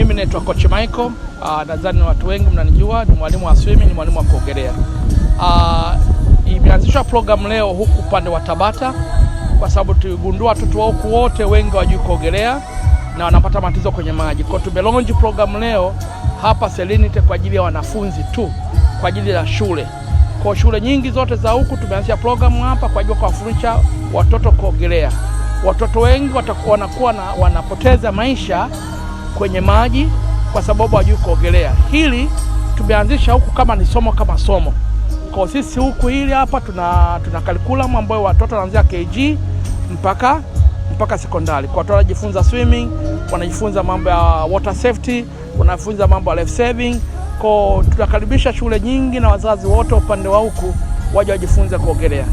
Mimi naitwa Coach Michael. Uh, nadhani watu wengi mnanijua, ni mwalimu wa swimming, ni mwalimu wa kuogelea. Uh, imeanzishwa program leo huku upande wa Tabata kwa sababu tuligundua watoto wa huku wote wengi wajui kuogelea na wanapata matatizo kwenye maji. Kwa tumelonji program leo hapa Selenite kwa ajili ya wanafunzi tu, kwa ajili ya shule. Kwa shule nyingi zote za huku tumeanzisha program hapa kwa ajili ya kuwafundisha watoto kuogelea. Watoto wengi watakuwa wanakuwa na wanapoteza maisha kwenye maji kwa sababu hajui kuogelea. Hili tumeanzisha huku kama ni somo kama somo kwa sisi huku, hili hapa tuna, tuna curriculum ambayo watoto wanaanzia KG mpaka mpaka sekondari. Kwa watoto wanajifunza swimming, wanajifunza mambo ya water safety, wanafunza mambo ya life saving. Kwa tunakaribisha shule nyingi na wazazi wote upande wa huku waje wajifunze kuogelea.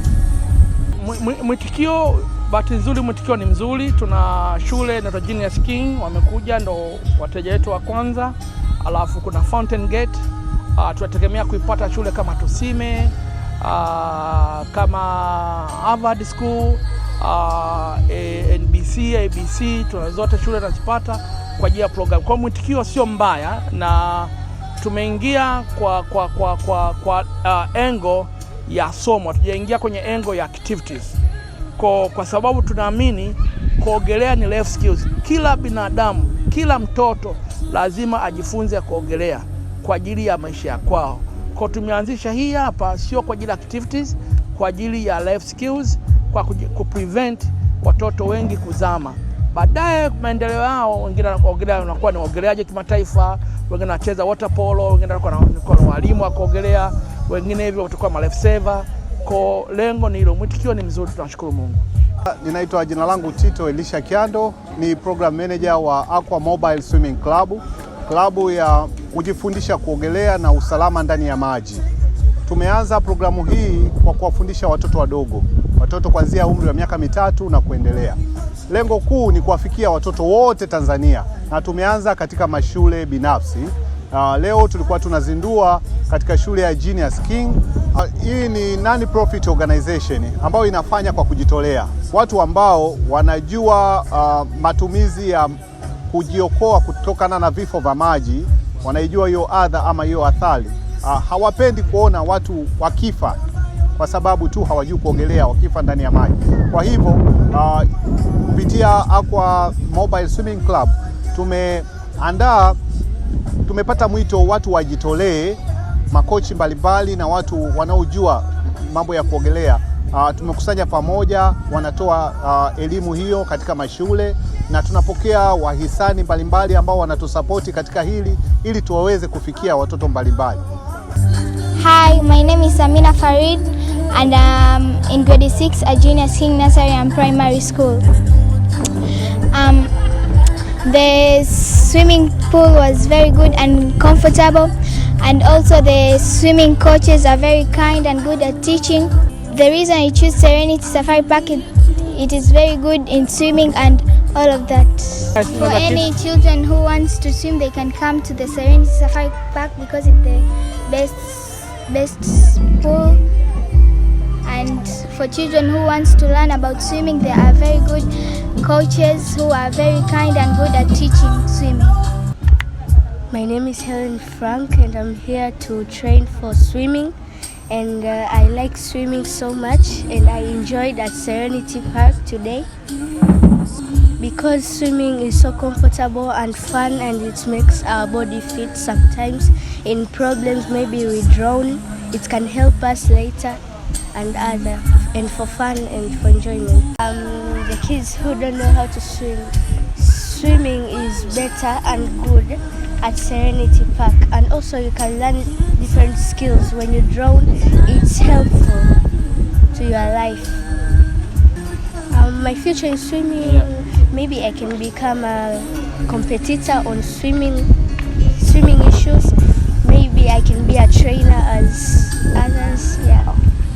Mwitikio Bahati nzuri mwitikio ni mzuri, tuna shule inaitwa Genius King wamekuja, ndo wateja wetu wa kwanza, alafu kuna Fountain Gate. Uh, tunategemea kuipata shule kama Tusime, uh, kama Harvard School, uh, ah, NBC, ABC, tuna zote shule nazipata kwa ajili ya program. kwao mwitikio sio mbaya na tumeingia kwa, kwa, kwa, kwa, kwa uh, engo ya somo, hatujaingia kwenye engo ya activities kwa, kwa sababu tunaamini kuogelea ni life skills. Kila binadamu, kila mtoto lazima ajifunze kuogelea kwa ajili ya maisha ya kwao. Kwa tumeanzisha hii hapa, sio kwa ajili ya activities, kwa ajili ya life skills, kwa kuprevent watoto wengi kuzama baadaye maendeleo yao. Wengine wanaogelea wanakuwa ni waogeleaji kimataifa, wengine wanacheza water polo, wengine wanakuwa ni walimu wa kuogelea, wengine hivyo watakuwa ma life saver ko lengo ni hilo, mwitikio ni mzuri, tunashukuru Mungu. Ninaitwa jina langu Tito Elisha Kiando, ni program manager wa Aqua Mobile Swimming Club, klabu ya kujifundisha kuogelea na usalama ndani ya maji. Tumeanza programu hii kwa kuwafundisha watoto wadogo, watoto kuanzia umri wa miaka mitatu na kuendelea. Lengo kuu ni kuwafikia watoto wote Tanzania, na tumeanza katika mashule binafsi. Uh, leo tulikuwa tunazindua katika shule ya Genius King. Ah, hii ni non-profit organization ambayo inafanya kwa kujitolea, watu ambao wanajua uh, matumizi ya kujiokoa kutokana na vifo vya maji, wanaijua hiyo adha ama hiyo athari. Uh, hawapendi kuona watu wakifa kwa sababu tu hawajui kuogelea, wakifa ndani ya maji. Kwa hivyo uh, kupitia Aqua Mobile Swimming Club tumeandaa tumepata mwito watu wajitolee makochi mbalimbali na watu wanaojua mambo ya kuogelea. Uh, tumekusanya pamoja, wanatoa uh, elimu hiyo katika mashule na tunapokea wahisani mbalimbali ambao wanatusapoti katika hili ili tuwaweze kufikia watoto mbalimbali. Hi, my name is Amina Farid and I'm in grade 6 at Junior King Nursery and Primary School. Um, the swimming pool was very good and comfortable. and also the swimming coaches are very kind and good at teaching. The reason I choose Serenity Safari Park is it is very good in swimming and all of that. For any children who wants to swim, they can come to the Serenity Safari Park because it's the best best pool. And for children who wants to learn about swimming, there are very good coaches who are very kind and good at teaching swimming. My name is Helen Frank, and I'm here to train for swimming. And uh, I like swimming so much, and I enjoyed at Serenity Park today because swimming is so comfortable and fun, and it makes our body fit. Sometimes, in problems, maybe we drown. It can help us later, and other, and for fun and for enjoyment. Um, the kids who don't know how to swim swimming is better and good at Serenity Park and also you can learn different skills when you drown it's helpful to your life um, my future in swimming maybe I can become a competitor on swimming swimming issues maybe I can be a trainer as others yeah